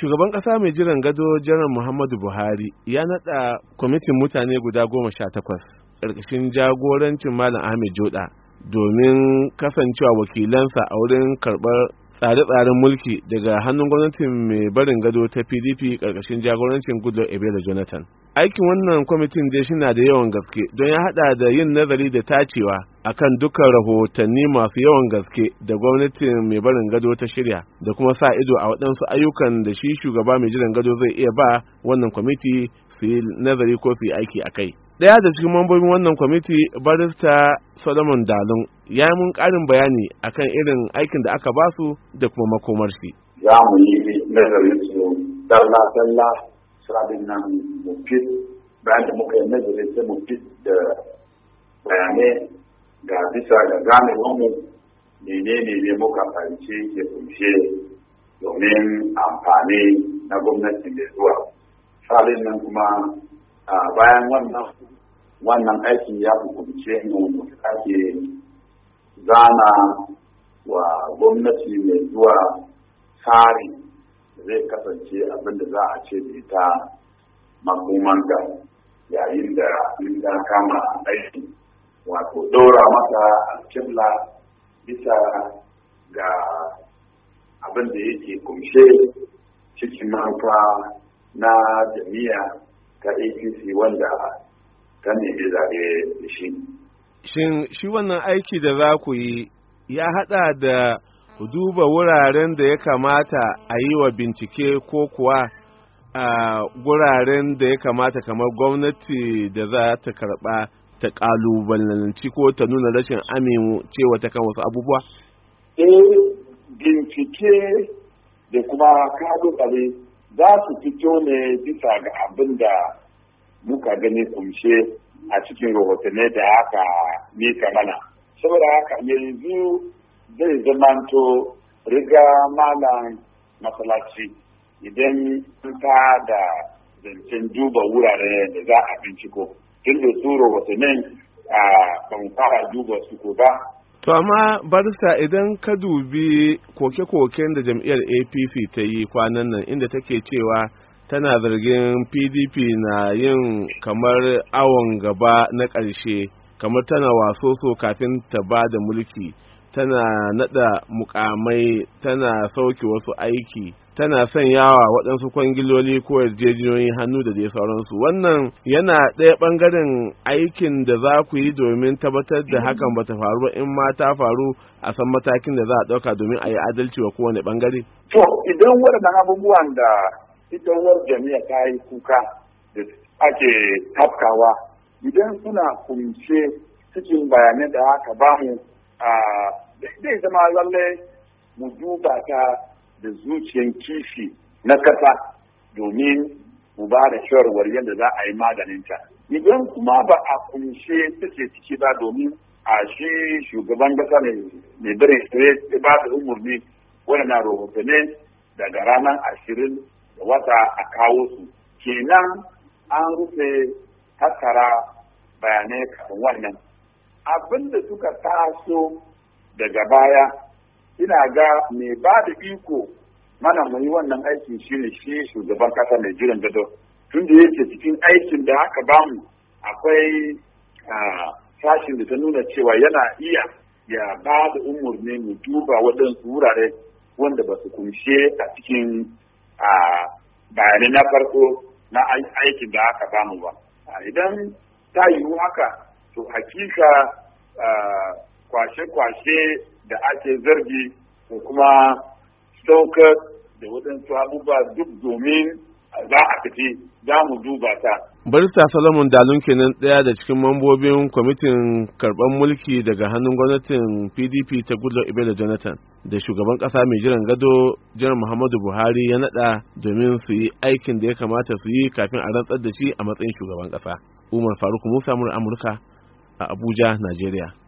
shugaban Kasa mai jiran gado janar muhammadu buhari ya naɗa kwamitin mutane guda goma sha takwas ƙarƙashin jagorancin malam ahmed joda domin kasancewa wakilansa a wurin karɓar tsare-tsaren mulki daga hannun gwamnatin mai barin gado ta pdp ƙarƙashin jagorancin gudu ebele jonathan aikin wannan kwamitin dai shi na da yawan gaske don ya haɗa da yin nazari da tacewa akan dukkan rahotanni masu yawan gaske da gwamnatin mai barin gado ta shirya da kuma sa ido a waɗansu ayyukan da shi shugaba mai jiran gado zai iya ba wannan kwamiti su yi nazari ko su yi aiki a kai. Ɗaya da cikin mambobin wannan kwamiti barista Solomon Dalun ya yi mun ƙarin bayani akan irin aikin da aka basu da kuma makomar shi. Za mu yi nazarin su dalla-dalla sabin nan mu bayan da muka yi nazarin sai mu da bayanai ga bisa ga gane mu menene ne muka farce ke kunshe domin amfani na gwamnati mai zuwa salin nan kuma bayan wannan wannan aikin ya hukunce mu ake zana wa gwamnati mai zuwa tsari zai kasance abinda za a ce da ita makomanta yayin da in kama aiki wato ɗora masa alƙibla bisa ga abin da yake kumshe cikin manufa na jami'a ta apc wanda ta nemi zaɓe da shi shin shi wannan aiki da za ku yi ya haɗa da duba wuraren da ya kamata a yi wa bincike ko kuwa a wuraren da ya kamata kamar gwamnati da za ta karɓa? ta kalubalanci ko ta nuna rashin amincewa ta kan wasu abubuwa? Eh, bincike da kuma kalubale za su fito ne bisa ga abin da muka gani kumshe a cikin rahotanni da haka nika mana. Saboda haka yanzu zai zama to riga malam masalaci idan ta da zancen duba wuraren da za a binciko tun da su nan a ban duba su ko ba to amma barista idan ka dubi koke-koken da jam'iyyar apc ta yi kwanan nan inda take cewa tana zargin pdp na yin kamar awon gaba na ƙarshe kamar tana waso-so kafin ta ba da mulki tana naɗa mukamai tana sauke wasu aiki tana yawa waɗansu kwangiloli ko yarjejeniyoyin hannu da dai sauransu wannan yana ɗaya ɓangaren aikin da za ku yi domin tabbatar da hakan bata faru ba in ma ta faru a san matakin da za a ɗauka domin a yi adalci wa kowane ɓangare. to idan waɗannan abubuwan da ita jami'a ta yi kuka da ake tafkawa idan suna kumshe cikin bayanai da aka bamu a zai zama lallai mu duba ta da zuciyan kifi na kasa domin mu ba da shawarwar yadda za a yi maganin maganinta idan kuma ba a kunshe take ciki ba domin a shi shugaban kasa mai birin ta ba da umarni waɗannan rahotanni daga ranar ashirin da wata a kawo su kenan an rufe tattara bayanai kan wannan abin da suka taso daga baya ina ga mai ba da iko mana mu yi wannan aikin shi ne shi shugaban kasa mai jiran dado tun da yake cikin aikin da aka bamu akwai sashin da ta nuna cewa yana iya ya ba da umarni mu duba waɗansu wurare wanda ba su kunshe a cikin bayanai na farko na aikin da aka bamu ba idan ta yiwu haka to hakika kwashe-kwashe da ake zargi ko kuma saukar da waɗansu abubuwa duk domin za a fiti za mu duba ta. Barista Solomon Dalun kenan ɗaya da cikin mambobin kwamitin karɓar mulki daga hannun gwamnatin PDP ta Goodluck Ibela Jonathan da shugaban ƙasa mai jiran gado jiran Muhammadu Buhari ya naɗa domin su yi aikin da ya kamata su yi kafin a rantsar da shi a matsayin shugaban ƙasa. Umar Faruk Musa Amurka a Abuja, Najeriya.